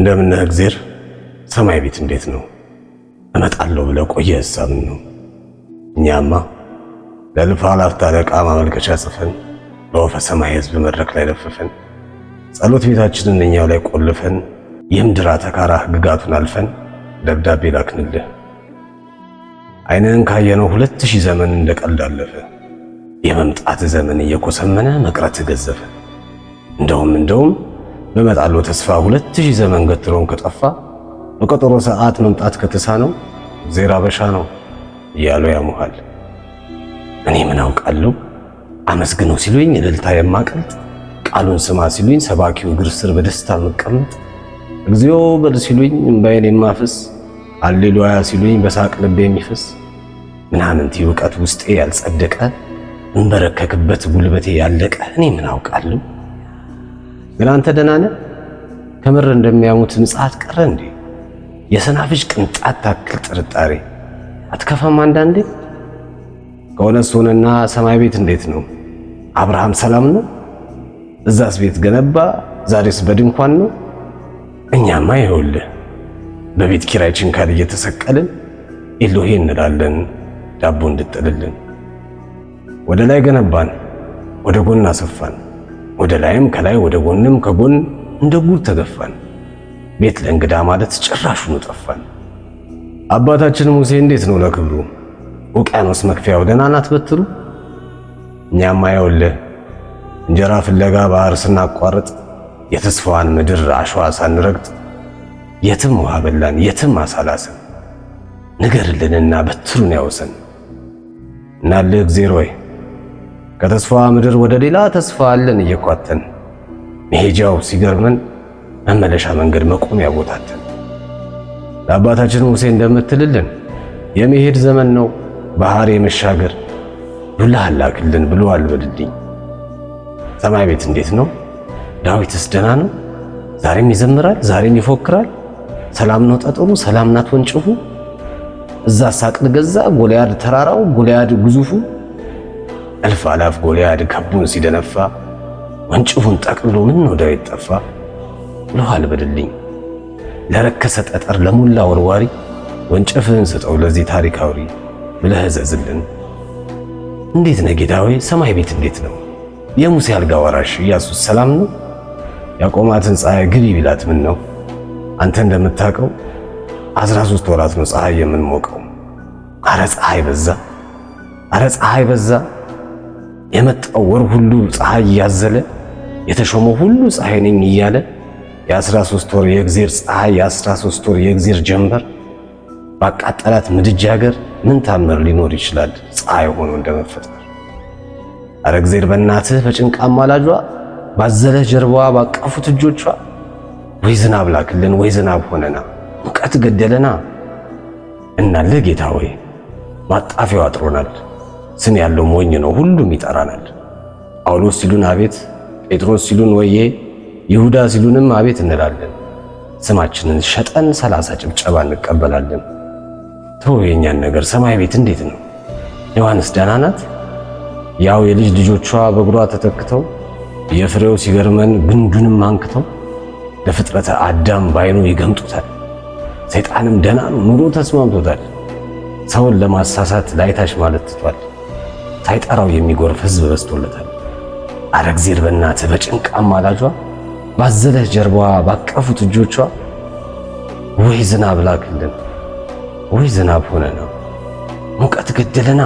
እንደምን እግዜር ሰማይ ቤት እንዴት ነው እመጣለሁ ብለ ቆየ ሀሳብን ነው። እኛማ ለልፋ ላፍታ ለቃ ማመልከቻ ጽፈን በወፈ ሰማይ ህዝብ መድረክ ላይ ለፍፈን ጸሎት ቤታችንን እኛው ላይ ቆልፈን የምድራ ተካራ ህግጋቱን አልፈን ደብዳቤ ላክንልህ። አይንህን ካየነው ሁለት ሺህ ዘመን እንደቀልድ አለፈ። የመምጣት ዘመን እየኮሰመነ መቅረት ገዘፈ። እንደውም እንደውም በመጣሉ ተስፋ ሁለት ሺህ ዘመን ገትሮን ከጠፋ በቀጠሮ ሰዓት መምጣት ከተሳነው ዜራ በሻ ነው እያሉ ያሙሃል። እኔ ምን አውቃለሁ? አመስግነው ሲሉኝ እልልታ የማቀልጥ ቃሉን ስማ ሲሉኝ ሰባኪው እግር ስር በደስታ መቀመጥ እግዚኦ በል ሲሉኝ እምባዬን የማፍስ አሌሉያ ሲሉኝ በሳቅ ልቤ የሚፈስ ምናምንቲ እውቀት ውስጤ ያልጸደቀ እንበረከክበት ጉልበቴ ያለቀ እኔ ምን አውቃለሁ? ግን አንተ ደህና ነህ? ከምር እንደሚያሙት ምጽዓት ቀረ እንዴ? የሰናፍጭ ቅንጣት ታክል ጥርጣሬ አትከፋም አንዳንዴ? ከሆነ ሆነና ሰማይ ቤት እንዴት ነው? አብርሃም ሰላም ነው? እዛስ ቤት ገነባ፣ ዛሬስ በድንኳን ነው። እኛማ ይኸውልህ በቤት ኪራይ ችንካል እየተሰቀልን ኤሎሄ እንላለን ዳቦ እንድጥልልን ወደ ላይ ገነባን፣ ወደ ጎን አሰፋን። ወደ ላይም ከላይ ወደ ጎንም ከጎን እንደ ጉድ ተገፋን። ቤት ለእንግዳ ማለት ጭራሹን ጠፋን። አባታችን ሙሴ እንዴት ነው ለክብሩ ውቅያኖስ መክፈያው ደህና ናት በትሩ? እኛማ ይኸውልህ እንጀራ ፍለጋ ባህር ስናቋርጥ የተስፋዋን ምድር አሸዋ ሳንረግጥ የትም ውሃ በላን የትም አሳላሰን ንገርልንና በትሩን ያወሰን እናልህ እግዜር ከተስፋ ምድር ወደ ሌላ ተስፋ አለን እየኳተን መሄጃው ሲገርመን መመለሻ መንገድ መቆሚያ ቦታትን ለአባታችን ሙሴ እንደምትልልን የመሄድ ዘመን ነው ባህር የመሻገር ዱላ አላክልን ብሎ አልበልልኝ። ሰማይ ቤት እንዴት ነው? ዳዊትስ ደና ነው? ዛሬም ይዘምራል፣ ዛሬም ይፎክራል። ሰላም ነው ጠጠሩ፣ ሰላም ናት ወንጭፉ። እዛ ሳቅል ገዛ ጎልያድ ተራራው ጎልያድ ግዙፉ እልፍ አላፍ ጎልያድ ከቡን ሲደነፋ ወንጭፉን ጠቅልሎ ምን ወደ ቤት ጠፋ ብለሃል በድልኝ ለረከሰ ጠጠር ለሞላ ወርዋሪ ወንጭፍህን ስጠው ለዚህ ታሪክ አውሪ ብለህ እዘዝልን። እንዴት ነው ጌታዬ ሰማይ ቤት እንዴት ነው የሙሴ አልጋ ወራሽ እያሱ ሰላም ነው? ያቆማትን ፀሐይ ግቢ ቢላት ምን ነው አንተ እንደምታውቀው አስራ ሦስት ወራት ነው ፀሐይ የምንሞቀው። አረ ፀሐይ በዛ፣ አረ ፀሐይ በዛ የመጣው ወር ሁሉ ፀሐይ እያዘለ የተሾመው ሁሉ ፀሐይ ነኝ እያለ የአስራ ሦስት ወር የእግዜር ፀሐይ የአስራ ሦስት ወር የእግዜር ጀንበር ባቃጠላት ምድጃ ሀገር ምን ታምር ሊኖር ይችላል? ፀሐይ ሆኖ እንደመፈጠር። አረ እግዜር በእናትህ በጭንቃማ ላጇ ባዘለህ ጀርባዋ ባቀፉት እጆቿ ወይ ዝናብ ላክልን ወይ ዝናብ ሆነና ሙቀት ገደለና እናለህ ጌታ ወይ ማጣፊያው አጥሮናል ስም ያለው ሞኝ ነው፣ ሁሉም ይጠራናል። ጳውሎስ ሲሉን አቤት፣ ጴጥሮስ ሲሉን ወዬ፣ ይሁዳ ሲሉንም አቤት እንላለን። ስማችንን ሸጠን ሰላሳ ጭብጨባ እንቀበላለን። ተው የኛን ነገር፣ ሰማይ ቤት እንዴት ነው? ዮሐንስ ደህና ናት? ያው የልጅ ልጆቿ በእግሯ ተተክተው የፍሬው ሲገርመን ግንዱንም አንክተው ለፍጥረተ አዳም ባይኑ ይገምጡታል። ሰይጣንም ደህና ነው፣ ኑሮ ተስማምቶታል። ሰውን ለማሳሳት ላይታች ማለት ትቷል። ሳይጠራው የሚጎርፍ ህዝብ በዝቶለታል። አረ እግዜር በእናትህ በጭንቅ አማላጇ ባዘለህ ጀርባዋ ባቀፉት እጆቿ ወይ ዝናብ ላክልን፣ ወይ ዝናብ ሆነና ሙቀት ገደለና